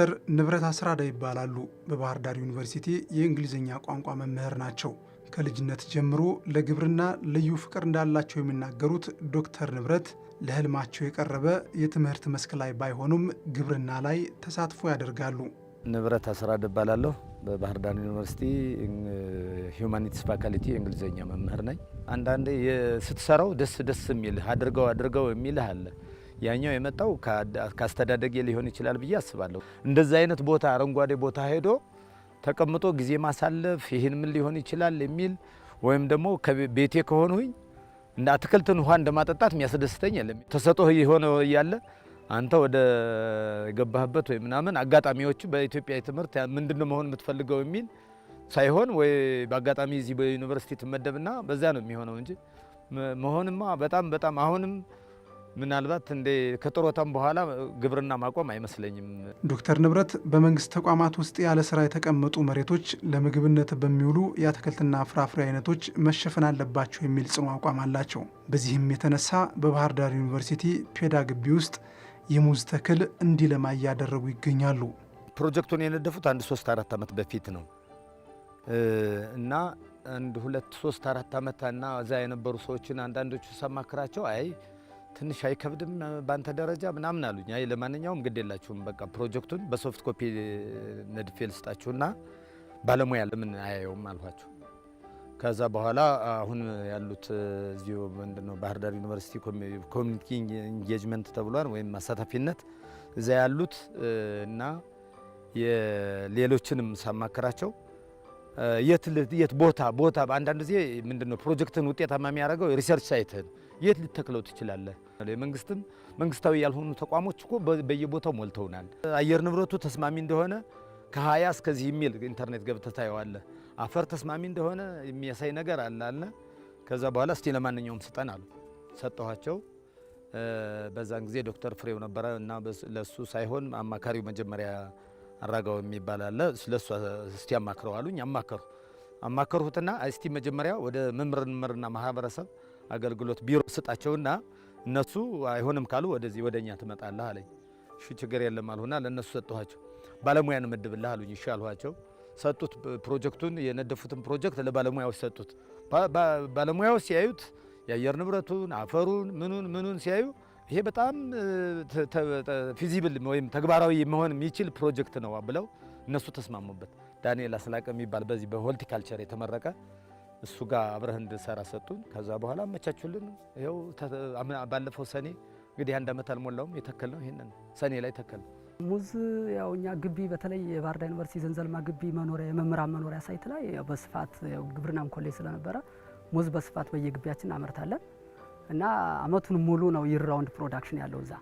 ዶክተር ንብረት አስራዳ ይባላሉ። በባህር ዳር ዩኒቨርሲቲ የእንግሊዝኛ ቋንቋ መምህር ናቸው። ከልጅነት ጀምሮ ለግብርና ልዩ ፍቅር እንዳላቸው የሚናገሩት ዶክተር ንብረት ለህልማቸው የቀረበ የትምህርት መስክ ላይ ባይሆኑም ግብርና ላይ ተሳትፎ ያደርጋሉ። ንብረት አስራዳ እባላለሁ። በባህር ዳር ዩኒቨርሲቲ ሂዩማኒቲስ ፋካልቲ የእንግሊዝኛ መምህር ነኝ። አንዳንዴ ስትሰራው ደስ ደስ የሚልህ አድርገው አድርገው የሚልህ አለ ያኛው የመጣው ካስተዳደጌ ሊሆን ይችላል ብዬ አስባለሁ። እንደዚ አይነት ቦታ አረንጓዴ ቦታ ሄዶ ተቀምጦ ጊዜ ማሳለፍ ይህን ምን ሊሆን ይችላል የሚል ወይም ደግሞ ቤቴ ከሆኑኝ እንደ አትክልትን ውሃ እንደማጠጣት የሚያስደስተኝ የለም። ተሰጥኦህ የሆነ እያለ አንተ ወደ ገባህበት ወይ ምናምን አጋጣሚዎቹ በኢትዮጵያ ትምህርት ምንድን መሆን የምትፈልገው የሚል ሳይሆን ወይ በአጋጣሚ እዚህ በዩኒቨርሲቲ ትመደብና በዚያ ነው የሚሆነው እንጂ መሆንማ በጣም በጣም አሁንም ምናልባት እንደ ከጥሮታም በኋላ ግብርና ማቆም አይመስለኝም። ዶክተር ንብረት በመንግስት ተቋማት ውስጥ ያለ ስራ የተቀመጡ መሬቶች ለምግብነት በሚውሉ የአትክልትና ፍራፍሬ አይነቶች መሸፈን አለባቸው የሚል ጽኑ አቋም አላቸው። በዚህም የተነሳ በባህር ዳር ዩኒቨርሲቲ ፔዳ ግቢ ውስጥ የሙዝ ተክል እንዲለማ እያደረጉ ይገኛሉ። ፕሮጀክቱን የነደፉት አንድ ሶስት አራት ዓመት በፊት ነው እና አንድ ሁለት ሶስት አራት ዓመት እና እዛ የነበሩ ሰዎችን አንዳንዶቹ ሰማክራቸው አይ ትንሽ አይከብድም በአንተ ደረጃ ምናምን አሉኝ። አይ ለማንኛውም ግድ የላችሁም በቃ ፕሮጀክቱን በሶፍት ኮፒ ነድፌ ልስጣችሁና ባለሙያ ለምን አያየውም አልኋቸው። ከዛ በኋላ አሁን ያሉት እዚሁ ምንድነው ባህር ዳር ዩኒቨርሲቲ ኮሚኒቲ ኢንጌጅመንት ተብሏል፣ ወይም አሳታፊነት እዛ ያሉት እና ሌሎችንም ሳማክራቸው የት ቦታ ቦታ በአንዳንድ ጊዜ ምንድነው ፕሮጀክትን ውጤታማ የሚያደርገው ሪሰርች ሳይትህን የት ልትተክለው ትችላለህ? የመንግስትም መንግስታዊ ያልሆኑ ተቋሞች እኮ በየቦታው ሞልተውናል። አየር ንብረቱ ተስማሚ እንደሆነ ከሀያ እስከዚህ የሚል ኢንተርኔት ገብተህ ታየዋለህ። አፈር ተስማሚ እንደሆነ የሚያሳይ ነገር አለ አለ። ከዛ በኋላ እስቲ ለማንኛውም ስጠን አሉ። ሰጠኋቸው። በዛን ጊዜ ዶክተር ፍሬው ነበረ እና ለሱ ሳይሆን አማካሪው መጀመሪያ አራጋው የሚባል አለ። ለሱ እስቲ አማክረው አሉኝ። አማከሩ አማከርሁትና እስቲ መጀመሪያ ወደ መምህርና ማህበረሰብ አገልግሎት ቢሮ ስጣቸውና እነሱ አይሆንም ካሉ ወደዚህ ወደኛ ትመጣለህ አለኝ። እሺ ችግር የለም አልሁና ለእነሱ ሰጥኋቸው። ባለሙያ እንመድብልህ አሉኝ። እሺ አልኋቸው። ሰጡት። ፕሮጀክቱን የነደፉትን ፕሮጀክት ለባለሙያዎች ሰጡት። ባለሙያዎች ሲያዩት የአየር ንብረቱን፣ አፈሩን፣ ምኑን ምኑን ሲያዩ ይሄ በጣም ፊዚብል ወይም ተግባራዊ መሆን የሚችል ፕሮጀክት ነው ብለው እነሱ ተስማሙበት። ዳንኤል አስላቀ የሚባል በዚህ በሆልቲካልቸር የተመረቀ እሱ ጋር አብረህ እንድንሰራ ሰጡኝ። ከዛ በኋላ አመቻቹልን። ይኸው ባለፈው ሰኔ እንግዲህ አንድ ዓመት አልሞላውም ነው ይህንን ሰኔ ላይ ተከል ሙዝ ያው እኛ ግቢ በተለይ የባህር ዩኒቨርሲቲ ዘንዘልማ ግቢ መኖሪያ የመምህራን መኖሪያ ሳይት ላይ በስፋት ግብርናም ኮሌጅ ስለነበረ ሙዝ በስፋት በየግቢያችን እናመርታለን እና አመቱን ሙሉ ነው ይራውንድ ፕሮዳክሽን ያለው እዛ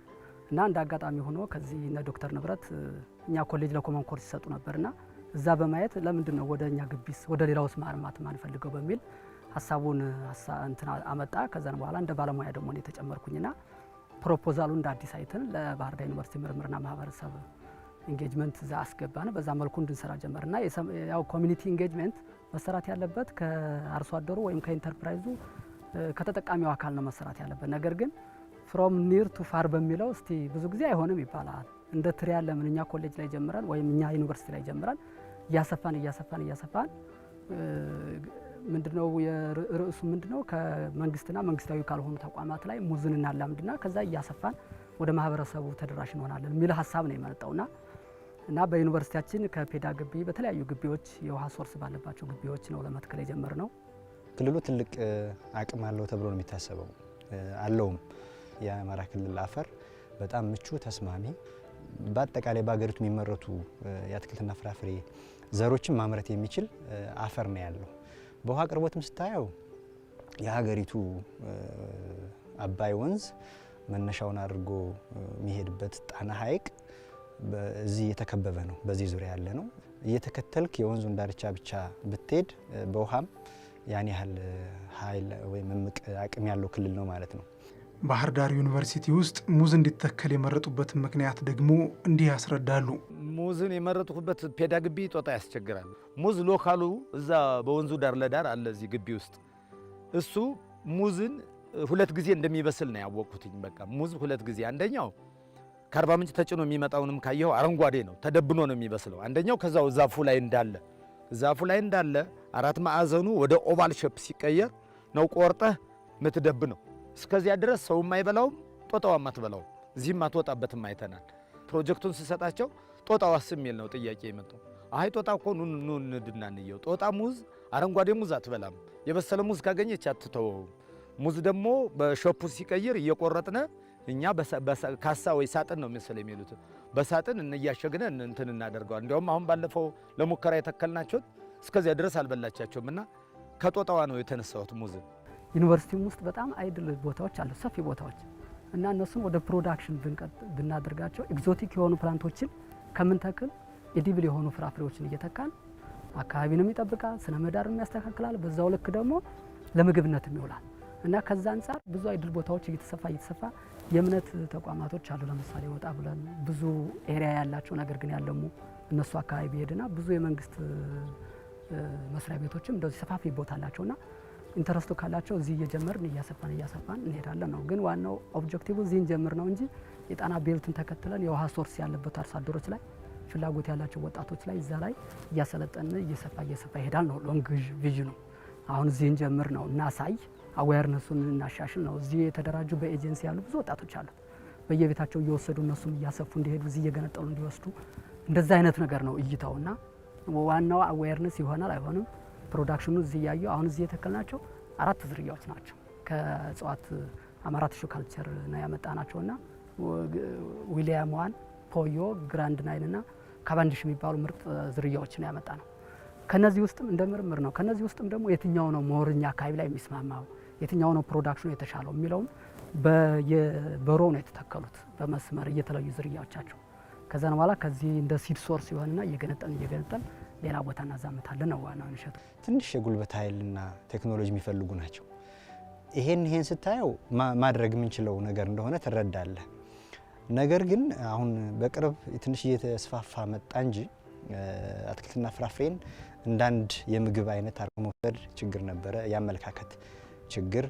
እና እንደ አጋጣሚ ሆኖ ከዚህ ዶክተር ንብረት እኛ ኮሌጅ ለኮመን ኮርስ ይሰጡ ነበርና እዛ በማየት ለምንድን ነው ወደ እኛ ግቢስ ወደ ሌላውስ ማርማት ማንፈልገው በሚል ሀሳቡን እንትን አመጣ። ከዛን በኋላ እንደ ባለሙያ ደግሞ እኔ ተጨመርኩኝና ፕሮፖዛሉ እንደ አዲስ አይተን ለባህር ዳር ዩኒቨርሲቲ ምርምርና ማህበረሰብ ኢንጌጅመንት እዛ አስገባን። በዛ መልኩ እንድንሰራ ጀመርና ያው ኮሚኒቲ ኢንጌጅመንት መሰራት ያለበት ከአርሶ አደሩ ወይም ከኢንተርፕራይዙ ከተጠቃሚው አካል ነው መሰራት ያለበት። ነገር ግን ፍሮም ኒር ቱ ፋር በሚለው እስቲ ብዙ ጊዜ አይሆንም ይባላል። እንደ ትሪ ያለ ምን እኛ ኮሌጅ ላይ ጀምረን ወይም እኛ ዩኒቨርሲቲ ላይ ጀምረን እያሰፋን እያሰፋን እያሰፋን ምንድነው ርዕሱ ምንድነው ከመንግስትና መንግስታዊ ካልሆኑ ተቋማት ላይ ሙዝን እናላምድና ከዛ እያሰፋን ወደ ማህበረሰቡ ተደራሽ እንሆናለን የሚል ሀሳብ ነው የመጣውና እና በዩኒቨርሲቲያችን ከፔዳ ግቢ በተለያዩ ግቢዎች የውሃ ሶርስ ባለባቸው ግቢዎች ነው ለመትከል የጀመር ነው። ክልሉ ትልቅ አቅም አለው ተብሎ ነው የሚታሰበው አለውም። የአማራ ክልል አፈር በጣም ምቹ፣ ተስማሚ በአጠቃላይ በሀገሪቱ የሚመረቱ የአትክልትና ፍራፍሬ ዘሮችን ማምረት የሚችል አፈር ነው ያለው። በውሃ አቅርቦትም ስታየው የሀገሪቱ አባይ ወንዝ መነሻውን አድርጎ የሚሄድበት ጣና ሐይቅ እዚህ እየተከበበ ነው። በዚህ ዙሪያ ያለ ነው። እየተከተልክ የወንዙን ዳርቻ ብቻ ብትሄድ በውሃም ያን ያህል ኃይል ወይም እምቅ አቅም ያለው ክልል ነው ማለት ነው። ባህር ዳር ዩኒቨርሲቲ ውስጥ ሙዝ እንዲተከል የመረጡበትን ምክንያት ደግሞ እንዲህ ያስረዳሉ። ሙዝን የመረጥኩበት ፔዳ ግቢ ጦጣ ያስቸግራል። ሙዝ ሎካሉ እዛ በወንዙ ዳር ለዳር አለ እዚህ ግቢ ውስጥ እሱ ሙዝን ሁለት ጊዜ እንደሚበስል ነው ያወቅኩትኝ። በቃ ሙዝ ሁለት ጊዜ አንደኛው ከአርባ ምንጭ ተጭኖ የሚመጣውንም ካየው አረንጓዴ ነው፣ ተደብኖ ነው የሚበስለው። አንደኛው ከዛው ዛፉ ላይ እንዳለ ዛፉ ላይ እንዳለ አራት ማዕዘኑ ወደ ኦቫል ሸፕ ሲቀየር ነው ቆርጠህ ምትደብ ነው እስከዚያ ድረስ ሰውም አይበላውም፣ ጦጣዋም አትበላውም፣ እዚህም አትወጣበትም አይተናል። ፕሮጀክቱን ስሰጣቸው ጦጣዋስ የሚል ነው ጥያቄ የመጡ አይ ጦጣ እኮ ኑን ጦጣ ሙዝ፣ አረንጓዴ ሙዝ አትበላም፣ የበሰለ ሙዝ ካገኘች አትተወውም። ሙዝ ደግሞ በሾፑ ሲቀይር እየቆረጥነ እኛ ካሳ ወይ ሳጥን ነው መሰለኝ የሚሉት በሳጥን እያሸግነ እንትን እናደርገዋል። እንዲያውም አሁን ባለፈው ለሙከራ የተከልናቸውን እስከዚያ ድረስ አልበላቻቸውም እና ከጦጣዋ ነው የተነሳሁት ሙዝን ዩኒቨርሲቲውም ውስጥ በጣም አይድል ቦታዎች አሉ፣ ሰፊ ቦታዎች እና እነሱን ወደ ፕሮዳክሽን ብናደርጋቸው ኤግዞቲክ የሆኑ ፕላንቶችን ከምንተክል ኤዲብል የሆኑ ፍራፍሬዎችን እየተካል አካባቢንም ይጠብቃል፣ ስነ ምህዳርንም ያስተካክላል። በዛው ልክ ደግሞ ለምግብነትም ይውላል እና ከዛ አንጻር ብዙ አይድል ቦታዎች እየተሰፋ እየተሰፋ የእምነት ተቋማቶች አሉ። ለምሳሌ ወጣ ብለን ብዙ ኤሪያ ያላቸው ነገር ግን ያለሙ እነሱ አካባቢ ሄድና ብዙ የመንግስት መስሪያ ቤቶችም እንደዚህ ሰፋፊ ቦታ አላቸውና ኢንተረስቱ ካላቸው እዚህ እየጀመርን እያሰፋን እያሰፋን እንሄዳለን ነው። ግን ዋናው ኦብጀክቲቭ እዚህ እንጀምር ነው እንጂ የጣና ቤልትን ተከትለን የውሃ ሶርስ ያለበት አርሶ አደሮች ላይ ፍላጎት ያላቸው ወጣቶች ላይ እዛ ላይ እያሰለጠን እየሰፋ እየሰፋ ይሄዳል ነው። ሎንግ ቪዥኑ አሁን እዚህ እንጀምር ነው፣ እናሳይ፣ አዌርነሱን እናሻሽል ነው። እዚህ የተደራጁ በኤጀንሲ ያሉ ብዙ ወጣቶች አሉ። በየቤታቸው እየወሰዱ እነሱም እያሰፉ እንዲሄዱ እዚህ እየገነጠሉ እንዲወስዱ እንደዛ አይነት ነገር ነው እይታውና ዋናው አዌርነስ ይሆናል አይሆንም ፕሮዳክሽኑ እዚህ እያየሁ አሁን እዚህ የተከልናቸው አራት ዝርያዎች ናቸው። ከእጽዋት አማራ ቲሹ ካልቸር ነው ናቸው እና ዊሊያም ዋን፣ ፖዮ፣ ግራንድ ናይን እና ካቫንዲሽ የሚባሉ ምርጥ ዝርያዎች ነው ያመጣ ነው። ከነዚህ ውስጥም እንደ ምርምር ነው። ከነዚህ ውስጥም ደግሞ የትኛው ነው ሞርኛ አካባቢ ላይ የሚስማማው የትኛው ነው ፕሮዳክሽኑ የተሻለው የሚለውም በሮ ነው የተተከሉት በመስመር እየተለዩ ዝርያዎቻቸው ከዛን በኋላ ከዚህ እንደ ሲድ ሶርስ ሲሆንና እየገነጠን እየገነጠን ሌላ ቦታ እናዛምታለን ነው ዋና ንሸቱ። ትንሽ የጉልበት ኃይልና ቴክኖሎጂ የሚፈልጉ ናቸው። ይሄን ይሄን ስታየው ማድረግ የምንችለው ነገር እንደሆነ ትረዳለህ። ነገር ግን አሁን በቅርብ ትንሽ እየተስፋፋ መጣ እንጂ አትክልትና ፍራፍሬን እንዳንድ የምግብ አይነት አድርጎ መውሰድ ችግር ነበረ፣ የአመለካከት ችግር።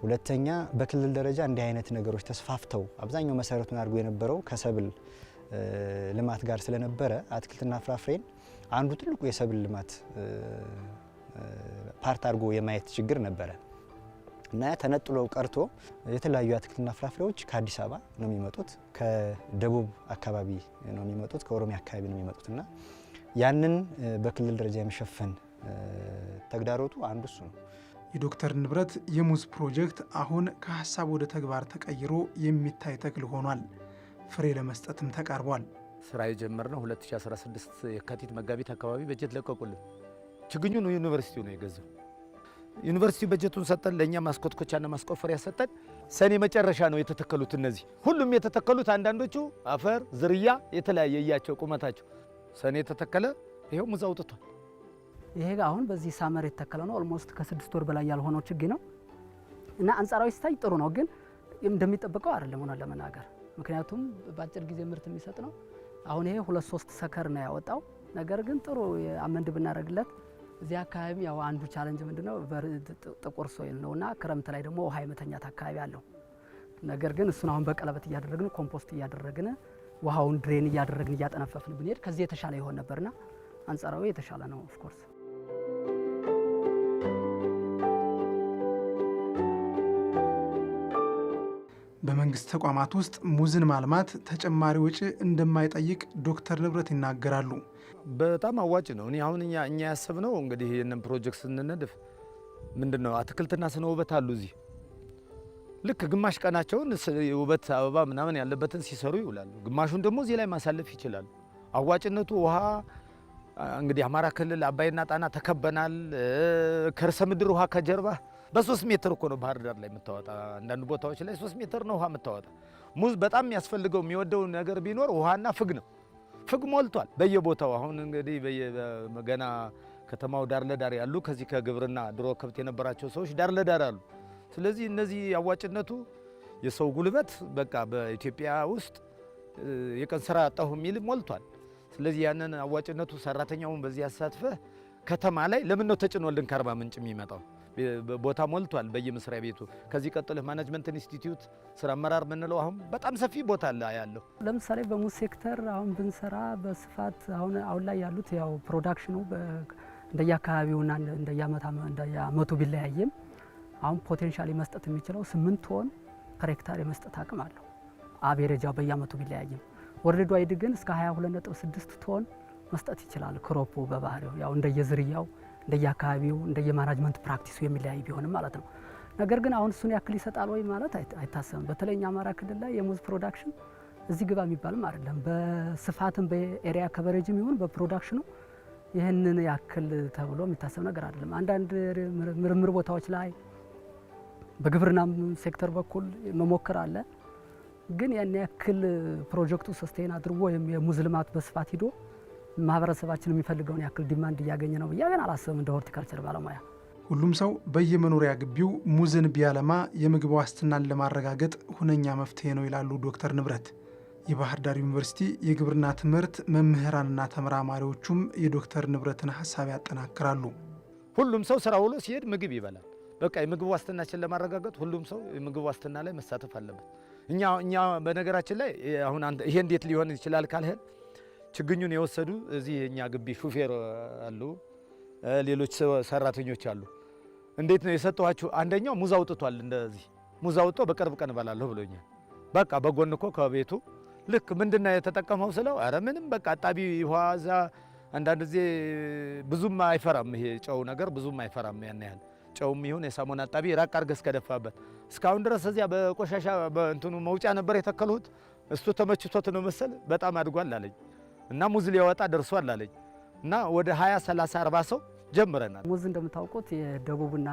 ሁለተኛ በክልል ደረጃ እንዲህ አይነት ነገሮች ተስፋፍተው አብዛኛው መሰረቱን አድርጎ የነበረው ከሰብል ልማት ጋር ስለነበረ አትክልትና ፍራፍሬን አንዱ ትልቁ የሰብል ልማት ፓርት አድርጎ የማየት ችግር ነበረ እና ተነጥሎ ቀርቶ የተለያዩ አትክልትና ፍራፍሬዎች ከአዲስ አበባ ነው የሚመጡት፣ ከደቡብ አካባቢ ነው የሚመጡት፣ ከኦሮሚያ አካባቢ ነው የሚመጡት እና ያንን በክልል ደረጃ የመሸፈን ተግዳሮቱ አንዱ እሱ ነው። የዶክተር ንብረት የሙዝ ፕሮጀክት አሁን ከሀሳብ ወደ ተግባር ተቀይሮ የሚታይ ተክል ሆኗል። ፍሬ ለመስጠትም ተቃርቧል። ስራ የጀመርነው 2016 የካቲት መጋቢት አካባቢ በጀት ለቀቁልን። ችግኙን ዩኒቨርሲቲው ነው የገዛው። ዩኒቨርሲቲው በጀቱን ሰጠን፣ ለእኛ ማስኮትኮቻና ማስቆፈሪያ ሰጠን። ሰኔ መጨረሻ ነው የተተከሉት። እነዚህ ሁሉም የተተከሉት አንዳንዶቹ አፈር ዝርያ የተለያየ እያቸው ቁመታቸው ሰኔ የተተከለ ይኸው ሙዝ አውጥቷል። ይሄ አሁን በዚህ ሳመር የተተከለ ነው። ኦልሞስት ከስድስት ወር በላይ ያልሆነው ችግኝ ነው እና አንጻራዊ ሲታይ ጥሩ ነው፣ ግን እንደሚጠበቀው አይደለም ሆነ ለመናገር ምክንያቱም በአጭር ጊዜ ምርት የሚሰጥ ነው። አሁን ይሄ ሁለት ሶስት ሰከር ነው ያወጣው። ነገር ግን ጥሩ አመንድ ብናደርግለት እዚህ አካባቢ ያው አንዱ ቻለንጅ ምንድነው ጥቁር ሶይል እና ክረምት ላይ ደግሞ ውሃ የመተኛት አካባቢ አለው። ነገር ግን እሱን አሁን በቀለበት እያደረግን ኮምፖስት እያደረግን ውሃውን ድሬን እያደረግን እያጠነፈፍን ብንሄድ ከዚህ የተሻለ ይሆን ነበርና አንጻራዊ የተሻለ ነው ኦፍኮርስ በመንግስት ተቋማት ውስጥ ሙዝን ማልማት ተጨማሪ ወጪ እንደማይጠይቅ ዶክተር ንብረት ይናገራሉ። በጣም አዋጭ ነው። እኔ አሁን እኛ ያሰብነው እንግዲህ ይህንን ፕሮጀክት ስንነድፍ ምንድን ነው አትክልትና ስነ ውበት አሉ እዚህ ልክ ግማሽ ቀናቸውን ውበት አበባ ምናምን ያለበትን ሲሰሩ ይውላሉ። ግማሹን ደግሞ እዚህ ላይ ማሳለፍ ይችላሉ። አዋጭነቱ ውሃ እንግዲህ አማራ ክልል አባይና ጣና ተከበናል። ከርሰ ምድር ውሃ ከጀርባ በሶስት ሜትር እኮ ነው ባህር ዳር ላይ የምታወጣ። አንዳንድ ቦታዎች ላይ ሶስት ሜትር ነው ውሃ የምታወጣ። ሙዝ በጣም የሚያስፈልገው የሚወደው ነገር ቢኖር ውሃና ፍግ ነው። ፍግ ሞልቷል በየቦታው አሁን እንግዲህ ገና ከተማው ዳር ለዳር ያሉ ከዚህ ከግብርና ድሮ ከብት የነበራቸው ሰዎች ዳር ለዳር አሉ። ስለዚህ እነዚህ አዋጭነቱ የሰው ጉልበት በቃ በኢትዮጵያ ውስጥ የቀን ስራ አጣሁ የሚል ሞልቷል። ስለዚህ ያንን አዋጭነቱ ሰራተኛውን በዚህ ያሳትፈህ ከተማ ላይ ለምን ነው ተጭኖልን ከአርባ ምንጭ የሚመጣው? ቦታ ሞልቷል በየመስሪያ ቤቱ። ከዚህ ቀጥልህ ማናጅመንት ኢንስቲትዩት ስራ አመራር ምንለው አሁን በጣም ሰፊ ቦታ ላ ያለው ለምሳሌ በሙዝ ሴክተር አሁን ብንሰራ በስፋት አሁን አሁን ላይ ያሉት ያው ፕሮዳክሽኑ እንደየአካባቢውና እንደየአመቱ ቢለያይም አሁን ፖቴንሻል መስጠት የሚችለው ስምንት ቶን ከሬክታር የመስጠት አቅም አለው። አቤሬጃው በየአመቱ ቢለያይም ወርልድ ዋይድ ግን እስከ 22.6 ቶን መስጠት ይችላል። ክሮፑ በባህሪው ያው እንደየዝርያው እንደየአካባቢው እንደየማናጅመንት ፕራክቲሱ የሚለያይ ቢሆንም ማለት ነው። ነገር ግን አሁን እሱን ያክል ይሰጣል ወይ ማለት አይታሰብም። በተለይ አማራ ክልል ላይ የሙዝ ፕሮዳክሽን እዚህ ግባ የሚባልም አይደለም። በስፋትም በኤሪያ ከቨሬጅም ይሁን በፕሮዳክሽኑ ይህንን ያክል ተብሎ የሚታሰብ ነገር አይደለም። አንዳንድ ምርምር ቦታዎች ላይ በግብርናም ሴክተር በኩል መሞከር አለ። ግን ያን ያክል ፕሮጀክቱ ሰስቴን አድርጎ ወይም የሙዝ ልማት በስፋት ሂዶ ማህበረሰባችን የሚፈልገውን ያክል ዲማንድ እያገኘ ነው ብዬ ግን አላስብም። እንደ ሆርቲካልቸር ባለሙያ ሁሉም ሰው በየመኖሪያ ግቢው ሙዝን ቢያለማ የምግብ ዋስትናን ለማረጋገጥ ሁነኛ መፍትሄ ነው ይላሉ ዶክተር ንብረት። የባህር ዳር ዩኒቨርሲቲ የግብርና ትምህርት መምህራንና ተመራማሪዎቹም የዶክተር ንብረትን ሀሳብ ያጠናክራሉ። ሁሉም ሰው ስራ ውሎ ሲሄድ ምግብ ይበላል። በቃ የምግብ ዋስትናችን ለማረጋገጥ ሁሉም ሰው የምግብ ዋስትና ላይ መሳተፍ አለበት። እኛ እኛ በነገራችን ላይ አሁን ይሄ እንዴት ሊሆን ይችላል ካልህን ችግኙን የወሰዱ እዚህ እኛ ግቢ ሹፌር አሉ፣ ሌሎች ሰራተኞች አሉ። እንዴት ነው የሰጠኋችሁ? አንደኛው ሙዝ አውጥቷል። እንደዚህ ሙዝ አውጥቶ በቅርብ ቀን እበላለሁ ብሎኛል። በቃ በጎን እኮ ከቤቱ ልክ ምንድና የተጠቀመው ስለው፣ አረ ምንም በቃ አጣቢ ዛ አንዳንድ ጊዜ ብዙም አይፈራም። ይሄ ጨው ነገር ብዙም አይፈራም። ያን ያህል ጨውም ይሁን የሳሙና አጣቢ ራቅ አርገ እስከደፋበት እስካሁን ድረስ እዚያ በቆሻሻ በእንትኑ መውጫ ነበር የተከልሁት። እሱ ተመችቶት ነው መሰል በጣም አድጓል አለኝ። እና ሙዝ ሊያወጣ ደርሷል አለኝ እና ወደ 20 30 40 ሰው ጀምረናል። ሙዝ እንደምታውቁት የደቡብና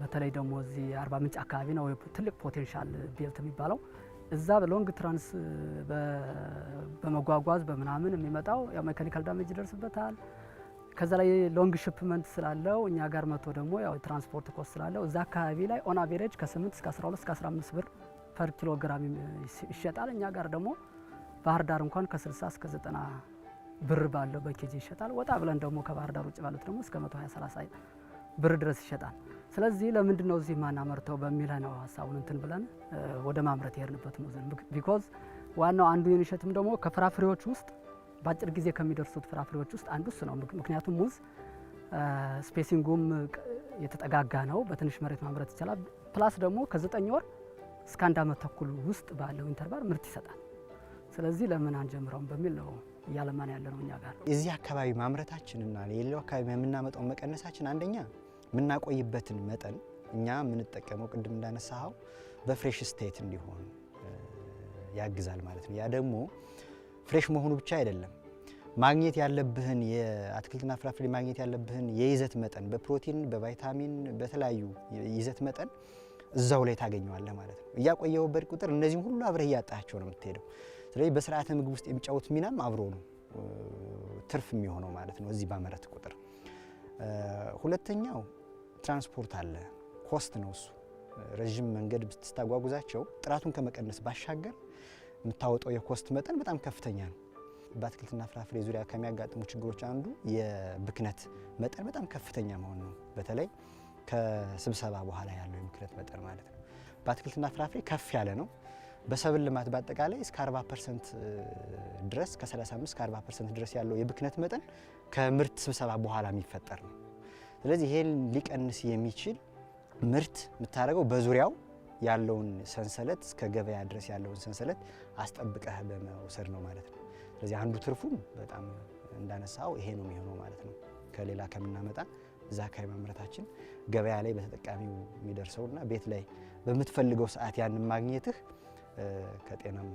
በተለይ ደግሞ እዚህ አርባ ምንጭ አካባቢ ነው ትልቅ ፖቴንሻል ቤልት የሚባለው። እዛ በሎንግ ትራንስ በመጓጓዝ በምናምን የሚመጣው ያው ሜካኒካል ዳሜጅ ይደርስበታል። ከዛ ላይ ሎንግ ሽፕመንት ስላለው እኛ ጋር መጥቶ ደግሞ ያው ትራንስፖርት ኮስት ስላለው እዛ አካባቢ ላይ ኦን አቬሬጅ ከ8 እስከ 12 እስከ 15 ብር ፐር ኪሎግራም ይሸጣል። እኛ ጋር ደግሞ ባህር ዳር እንኳን ከ60 እስከ 90 ብር ባለው በኬጂ ይሸጣል። ወጣ ብለን ደግሞ ከባህር ዳር ውጭ ባሉት ደግሞ እስከ 120 30 ብር ድረስ ይሸጣል። ስለዚህ ለምንድን ነው እዚህ ማናመርተው በሚለ ነው ሀሳቡን እንትን ብለን ወደ ማምረት የሄድንበት ነው። ቢኮዝ ዋናው አንዱ የንሸትም ደግሞ ከፍራፍሬዎች ውስጥ በአጭር ጊዜ ከሚደርሱት ፍራፍሬዎች ውስጥ አንዱ እሱ ነው። ምክንያቱም ሙዝ ስፔሲንጉም የተጠጋጋ ነው፣ በትንሽ መሬት ማምረት ይቻላል። ፕላስ ደግሞ ከዘጠኝ ወር እስከ አንድ ዓመት ተኩል ውስጥ ባለው ኢንተርቫል ምርት ይሰጣል። ስለዚህ ለምን አንጀምረውም በሚል ነው እያለማን ያለ ነው እኛ ጋር። እዚህ አካባቢ ማምረታችንና የሌላው አካባቢ የምናመጣው መቀነሳችን አንደኛ የምናቆይበትን መጠን እኛ የምንጠቀመው ቅድም እንዳነሳኸው በፍሬሽ ስቴት እንዲሆን ያግዛል ማለት ነው። ያ ደግሞ ፍሬሽ መሆኑ ብቻ አይደለም ማግኘት ያለብህን የአትክልትና ፍራፍሬ ማግኘት ያለብህን የይዘት መጠን በፕሮቲን፣ በቫይታሚን፣ በተለያዩ ይዘት መጠን እዛው ላይ ታገኘዋለህ ማለት ነው። እያቆየው ቁጥር እነዚህም ሁሉ አብረህ እያጣቸው ነው የምትሄደው። ስለዚህ በስርዓተ ምግብ ውስጥ የሚጫወት ሚናም አብሮ ነው ትርፍ የሚሆነው ማለት ነው። እዚህ ባመረት ቁጥር ሁለተኛው ትራንስፖርት አለ፣ ኮስት ነው እሱ። ረዥም መንገድ ብትስታጓጉዛቸው ጥራቱን ከመቀነስ ባሻገር የምታወጣው የኮስት መጠን በጣም ከፍተኛ ነው። በአትክልትና ፍራፍሬ ዙሪያ ከሚያጋጥሙ ችግሮች አንዱ የብክነት መጠን በጣም ከፍተኛ መሆን ነው። በተለይ ከስብሰባ በኋላ ያለው የብክነት መጠን ማለት ነው። በአትክልትና ፍራፍሬ ከፍ ያለ ነው። በሰብል ልማት በአጠቃላይ እስከ 40 ፐርሰንት ድረስ ከ35 እስከ 40 ፐርሰንት ድረስ ያለው የብክነት መጠን ከምርት ስብሰባ በኋላ የሚፈጠር ነው። ስለዚህ ይሄን ሊቀንስ የሚችል ምርት የምታደርገው በዙሪያው ያለውን ሰንሰለት እስከ ገበያ ድረስ ያለውን ሰንሰለት አስጠብቀህ በመውሰድ ነው ማለት ነው። ስለዚህ አንዱ ትርፉም በጣም እንዳነሳው ይሄ ነው የሚሆነው ማለት ነው። ከሌላ ከምናመጣ እዛ ካይ ማምረታችን ገበያ ላይ በተጠቃሚው የሚደርሰውና ቤት ላይ በምትፈልገው ሰዓት ያንን ማግኘትህ ከጤናም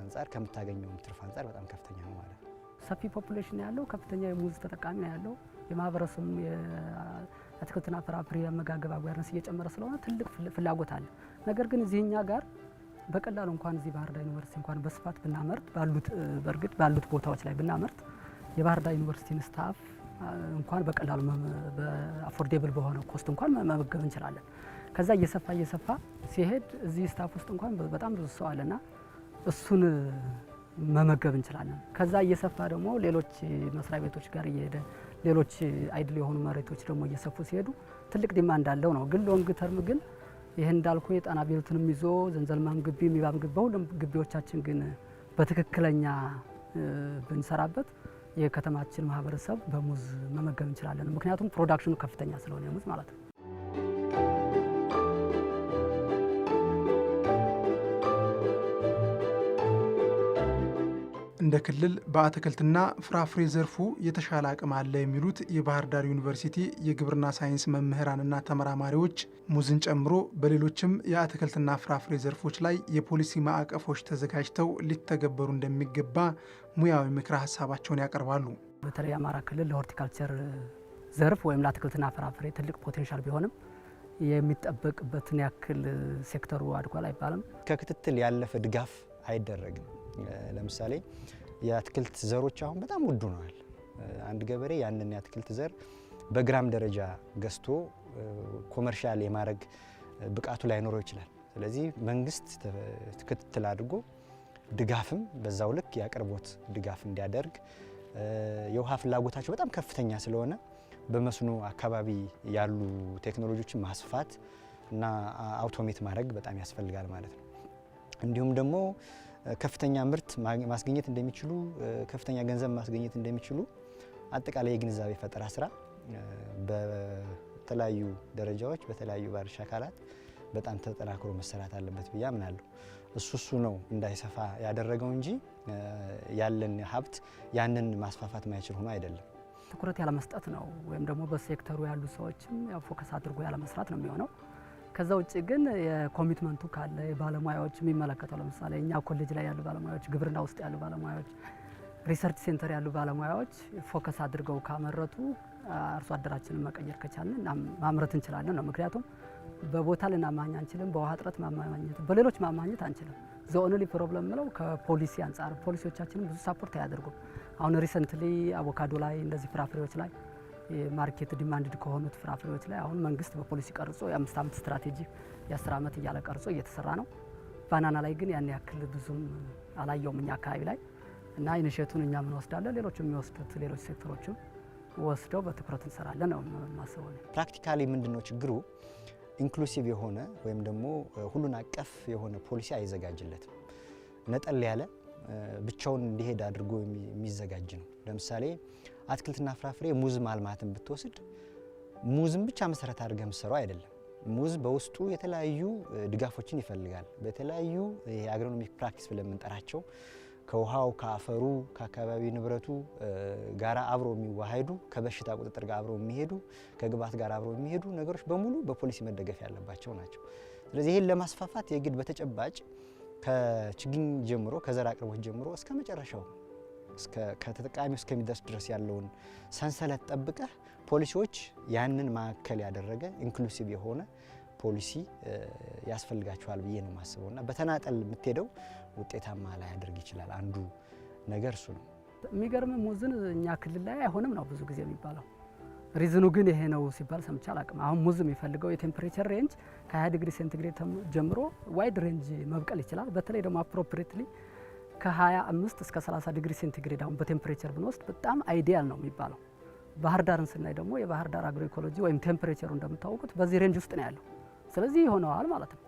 አንጻር ከምታገኘውም ትርፍ አንጻር በጣም ከፍተኛ ነው ማለት ነው። ሰፊ ፖፑሌሽን ያለው ከፍተኛ የሙዝ ተጠቃሚ ነው ያለው። የማህበረሰቡ የአትክልትና ፍራፍሬ አመጋገብ አጓርነስ እየጨመረ ስለሆነ ትልቅ ፍላጎት አለ። ነገር ግን እዚህኛ ጋር በቀላሉ እንኳን እዚህ ባህር ዳር ዩኒቨርሲቲ እንኳን በስፋት ብናመርት ባሉት በእርግጥ ባሉት ቦታዎች ላይ ብናመርት የባህር ዳር ዩኒቨርሲቲን ስታፍ እንኳን በቀላሉ አፎርዴብል በሆነ ኮስት እንኳን መመገብ እንችላለን። ከዛ እየሰፋ እየሰፋ ሲሄድ እዚህ ስታፍ ውስጥ እንኳን በጣም ብዙ ሰው አለና እሱን መመገብ እንችላለን። ከዛ እየሰፋ ደግሞ ሌሎች መስሪያ ቤቶች ጋር እየሄደ ሌሎች አይድል የሆኑ መሬቶች ደግሞ እየሰፉ ሲሄዱ ትልቅ ዲማ እንዳለው ነው። ግን ሎንግ ተርም ግን ይህ እንዳልኩ የጣና ቤሩትንም ይዞ ዘንዘልማም ግቢ፣ ሚባም ግቢ በሁሉም ግቢዎቻችን ግን በትክክለኛ ብንሰራበት የከተማችን ማህበረሰብ በሙዝ መመገብ እንችላለን። ምክንያቱም ፕሮዳክሽኑ ከፍተኛ ስለሆነ ሙዝ ማለት ነው። እንደ ክልል በአትክልትና ፍራፍሬ ዘርፉ የተሻለ አቅም አለ የሚሉት የባህር ዳር ዩኒቨርሲቲ የግብርና ሳይንስ መምህራንና ተመራማሪዎች ሙዝን ጨምሮ በሌሎችም የአትክልትና ፍራፍሬ ዘርፎች ላይ የፖሊሲ ማዕቀፎች ተዘጋጅተው ሊተገበሩ እንደሚገባ ሙያዊ ምክረ ሀሳባቸውን ያቀርባሉ። በተለይ አማራ ክልል ለሆርቲካልቸር ዘርፍ ወይም ለአትክልትና ፍራፍሬ ትልቅ ፖቴንሻል ቢሆንም የሚጠበቅበትን ያክል ሴክተሩ አድጓል አይባልም። ከክትትል ያለፈ ድጋፍ አይደረግም። ለምሳሌ የአትክልት ዘሮች አሁን በጣም ውድ ነዋል። አንድ ገበሬ ያንን የአትክልት ዘር በግራም ደረጃ ገዝቶ ኮመርሻል የማድረግ ብቃቱ ላይኖረው ይችላል። ስለዚህ መንግስት ክትትል አድርጎ ድጋፍም በዛው ልክ የአቅርቦት ድጋፍ እንዲያደርግ የውሃ ፍላጎታቸው በጣም ከፍተኛ ስለሆነ በመስኖ አካባቢ ያሉ ቴክኖሎጂዎችን ማስፋት እና አውቶሜት ማድረግ በጣም ያስፈልጋል ማለት ነው። እንዲሁም ደግሞ ከፍተኛ ምርት ማስገኘት እንደሚችሉ፣ ከፍተኛ ገንዘብ ማስገኘት እንደሚችሉ አጠቃላይ የግንዛቤ ፈጠራ ስራ በተለያዩ ደረጃዎች በተለያዩ ባለድርሻ አካላት በጣም ተጠናክሮ መሰራት አለበት ብዬ አምናለሁ። እሱ እሱ ነው እንዳይሰፋ ያደረገው እንጂ ያለን ሀብት ያንን ማስፋፋት ማይችል ሆኖ አይደለም። ትኩረት ያለመስጠት ነው ወይም ደግሞ በሴክተሩ ያሉ ሰዎችም ፎከስ አድርጎ ያለመስራት ነው የሚሆነው። ከዛ ውጭ ግን የኮሚትመንቱ ካለ ባለሙያዎች የሚመለከተው ለምሳሌ እኛ ኮሌጅ ላይ ያሉ ባለሙያዎች፣ ግብርና ውስጥ ያሉ ባለሙያዎች፣ ሪሰርች ሴንተር ያሉ ባለሙያዎች ፎከስ አድርገው ካመረቱ አርሶ አደራችንን መቀየር ከቻልን ማምረት እንችላለን ነው። ምክንያቱም በቦታ ልናማኝ አንችልም፣ በውሃ እጥረት ማማኘት፣ በሌሎች ማማኘት አንችልም። ዘኦንሊ ፕሮብለም ምለው ከፖሊሲ አንጻር ፖሊሲዎቻችንም ብዙ ሳፖርት አያደርጉም። አሁን ሪሰንትሊ አቮካዶ ላይ እንደዚህ ፍራፍሬዎች ላይ የማርኬት ዲማንድ ከሆኑት ፍራፍሬዎች ላይ አሁን መንግስት በፖሊሲ ቀርጾ የአምስት ዓመት ስትራቴጂ የአስር ዓመት እያለ ቀርጾ እየተሰራ ነው። ባናና ላይ ግን ያን ያክል ብዙም አላየውም እኛ አካባቢ ላይ እና ኢኒሼቱን እኛም እንወስዳለን። ሌሎች የሚወስዱት ሌሎች ሴክተሮችም ወስደው በትኩረት እንሰራለን ነው የማስበው። ፕራክቲካሊ ምንድን ነው ችግሩ? ኢንክሉሲቭ የሆነ ወይም ደግሞ ሁሉን አቀፍ የሆነ ፖሊሲ አይዘጋጅለትም። ነጠል ያለ ብቻውን እንዲሄድ አድርጎ የሚዘጋጅ ነው። ለምሳሌ አትክልትና ፍራፍሬ ሙዝ ማልማትን ብትወስድ ሙዝም ብቻ መሰረት አድርገ የምትሰራው አይደለም። ሙዝ በውስጡ የተለያዩ ድጋፎችን ይፈልጋል። በተለያዩ የአግሮኖሚክ ፕራክቲስ ብለን የምንጠራቸው ከውሃው፣ ከአፈሩ፣ ከአካባቢ ንብረቱ ጋር አብሮ የሚዋሃዱ ከበሽታ ቁጥጥር ጋር አብሮ የሚሄዱ ከግብዓት ጋር አብሮ የሚሄዱ ነገሮች በሙሉ በፖሊሲ መደገፍ ያለባቸው ናቸው። ስለዚህ ይህን ለማስፋፋት የግድ በተጨባጭ ከችግኝ ጀምሮ ከዘር አቅርቦት ጀምሮ እስከ መጨረሻው ከተጠቃሚው እስከሚደርስ ድረስ ያለውን ሰንሰለት ጠብቀህ ፖሊሲዎች ያንን ማዕከል ያደረገ ኢንክሉሲቭ የሆነ ፖሊሲ ያስፈልጋቸዋል ብዬ ነው የማስበው እና በተናጠል የምትሄደው ውጤታማ ላይ ያደርግ ይችላል። አንዱ ነገር እሱ ነው። የሚገርም ሙዝን እኛ ክልል ላይ አይሆንም ነው ብዙ ጊዜ የሚባለው። ሪዝኑ ግን ይሄ ነው ሲባል ሰምቼ አላቅም። አሁን ሙዝ የሚፈልገው የቴምፕሬቸር ሬንጅ ከ20 ዲግሪ ሴንቲግሬድ ጀምሮ ዋይድ ሬንጅ መብቀል ይችላል። በተለይ ደግሞ አፕሮፕሬትሊ ከ25 እስከ 30 ዲግሪ ሴንቲግሬድ አሁን በቴምፕሬቸር ብንወስድ በጣም አይዲያል ነው የሚባለው። ባህር ዳርን ስናይ ደግሞ የባህር ዳር አግሮ ኢኮሎጂ ወይም ቴምፕሬቸሩ እንደምታወቁት በዚህ ሬንጅ ውስጥ ነው ያለው። ስለዚህ ይሆነዋል ማለት ነው።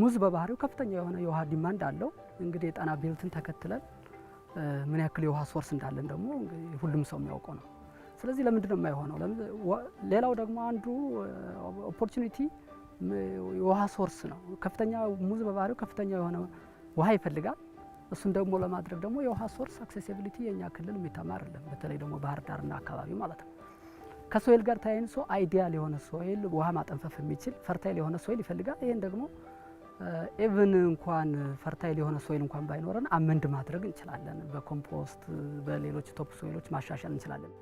ሙዝ በባህሪው ከፍተኛ የሆነ የውሃ ዲማንድ አለው። እንግዲህ የጣና ቤልትን ተከትለን ምን ያክል የውሃ ሶርስ እንዳለን ደግሞ ሁሉም ሰው የሚያውቀው ነው። ስለዚህ ለምንድን ነው የማይሆነው? ሌላው ደግሞ አንዱ ኦፖርቹኒቲ የውሃ ሶርስ ነው። ከፍተኛ ሙዝ በባህሪው ከፍተኛ የሆነ ውሃ ይፈልጋል። እሱን ደግሞ ለማድረግ ደግሞ የውሃ ሶርስ አክሴሲቢሊቲ የእኛ ክልል የሚተማ አይደለም። በተለይ ደግሞ ባህር ዳርና አካባቢ ማለት ነው። ከሶይል ጋር ተያይንሶ አይዲያል የሆነ ሶይል ውሃ ማጠንፈፍ የሚችል ፈርታይል የሆነ ሶይል ይፈልጋል። ይህን ደግሞ ኢቭን እንኳን ፈርታይል የሆነ ሶይል እንኳን ባይኖረን አመንድ ማድረግ እንችላለን። በኮምፖስት በሌሎች ቶፕ ሶይሎች ማሻሻል እንችላለን።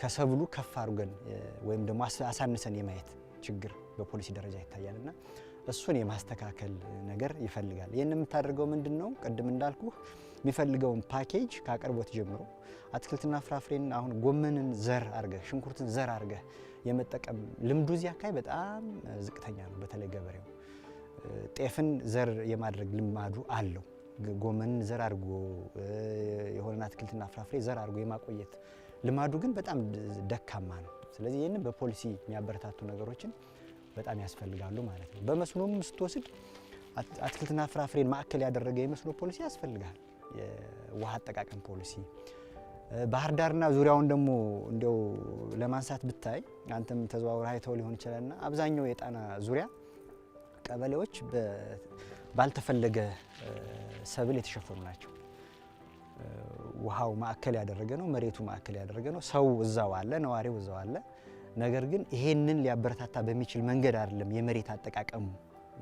ከሰብሉ ከፍ አድርገን ወይም ደግሞ አሳንሰን የማየት ችግር በፖሊሲ ደረጃ ይታያልና እሱን የማስተካከል ነገር ይፈልጋል። ይህን የምታደርገው ምንድን ነው? ቅድም እንዳልኩ የሚፈልገውን ፓኬጅ ከአቅርቦት ጀምሮ አትክልትና ፍራፍሬን አሁን ጎመንን ዘር አድርገህ ሽንኩርትን ዘር አርገ የመጠቀም ልምዱ እዚህ አካባቢ በጣም ዝቅተኛ ነው። በተለይ ገበሬው ጤፍን ዘር የማድረግ ልማዱ አለው። ጎመንን ዘር አድርጎ የሆነን አትክልትና ፍራፍሬ ዘር አድርጎ የማቆየት ልማዱ ግን በጣም ደካማ ነው። ስለዚህ ይህንን በፖሊሲ የሚያበረታቱ ነገሮችን በጣም ያስፈልጋሉ ማለት ነው። በመስኖም ስትወስድ አትክልትና ፍራፍሬን ማዕከል ያደረገ የመስኖ ፖሊሲ ያስፈልጋል። የውሃ አጠቃቀም ፖሊሲ ባህር ዳርና ዙሪያውን ደግሞ እንዲያው ለማንሳት ብታይ አንተም ተዘዋውረ አይተው ሊሆን ይችላልና አብዛኛው የጣና ዙሪያ ቀበሌዎች ባልተፈለገ ሰብል የተሸፈኑ ናቸው። ውሃው ማዕከል ያደረገ ነው፣ መሬቱ ማዕከል ያደረገ ነው። ሰው እዛው አለ፣ ነዋሪው እዛው አለ። ነገር ግን ይሄንን ሊያበረታታ በሚችል መንገድ አይደለም የመሬት አጠቃቀሙ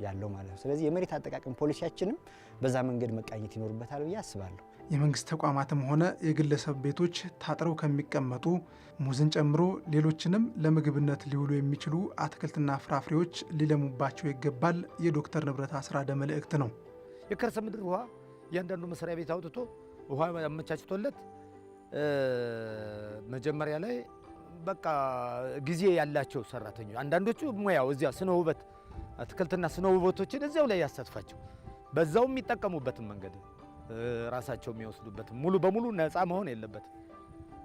ያለው ማለት ነው። ስለዚህ የመሬት አጠቃቀም ፖሊሲያችንም በዛ መንገድ መቃኘት ይኖርበታል ብዬ አስባለሁ። የመንግስት ተቋማትም ሆነ የግለሰብ ቤቶች ታጥረው ከሚቀመጡ ሙዝን ጨምሮ ሌሎችንም ለምግብነት ሊውሉ የሚችሉ አትክልትና ፍራፍሬዎች ሊለሙባቸው ይገባል የዶክተር ንብረት አስራደ መልእክት ነው። የከርሰ ምድር ውሃ እያንዳንዱ መስሪያ ቤት አውጥቶ ውሃ አመቻችቶለት መጀመሪያ ላይ በቃ ጊዜ ያላቸው ሰራተኞች አንዳንዶቹ ሙያው እዚያ ስነ ውበት አትክልትና ስነ ውበቶችን እዚያው ላይ ያሳትፋቸው በዛው የሚጠቀሙበትን መንገድ ራሳቸው የሚወስዱበት ሙሉ በሙሉ ነፃ መሆን የለበት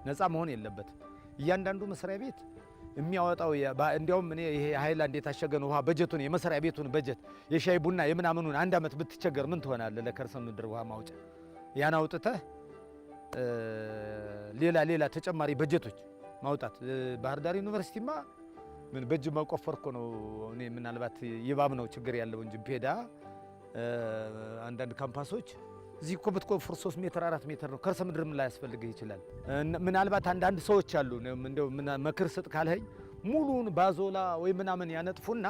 ነፃ መሆን የለበትም። እያንዳንዱ መስሪያ ቤት የሚያወጣው እንዲያውም እኔ ይሄ ሃይላንድ የታሸገን ውሃ በጀቱን የመስሪያ ቤቱን በጀት የሻይ ቡና የምናምኑን አንድ ዓመት ብትቸገር ምን ትሆናለ? ለከርሰ ምድር ውሃ ማውጫ ያን አውጥተህ ሌላ ሌላ ተጨማሪ በጀቶች ማውጣት ባህር ዳር ዩኒቨርሲቲማ ምን በእጅ መቆፈር እኮ ነው። እኔ ምናልባት ይባብ ነው ችግር ያለው እንጂ ፔዳ አንዳንድ ካምፓሶች እዚህ እኮ ብትቆፍር ሶስት ሜትር አራት ሜትር ነው። ከርሰ ምድርም ላይ ላያስፈልግህ ይችላል። ምናልባት አንዳንድ ሰዎች አሉ እንደው መክር ስጥ ካልኸኝ ሙሉን ባዞላ ወይ ምናምን ያነጥፉና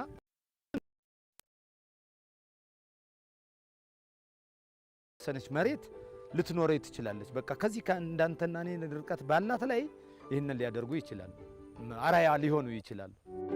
ሰነች መሬት ልትኖረኝ ትችላለች። በቃ ከዚህ እንዳንተና እኔ ርቀት ባላት ላይ ይህንን ሊያደርጉ ይችላል፣ አራያ ሊሆኑ ይችላሉ።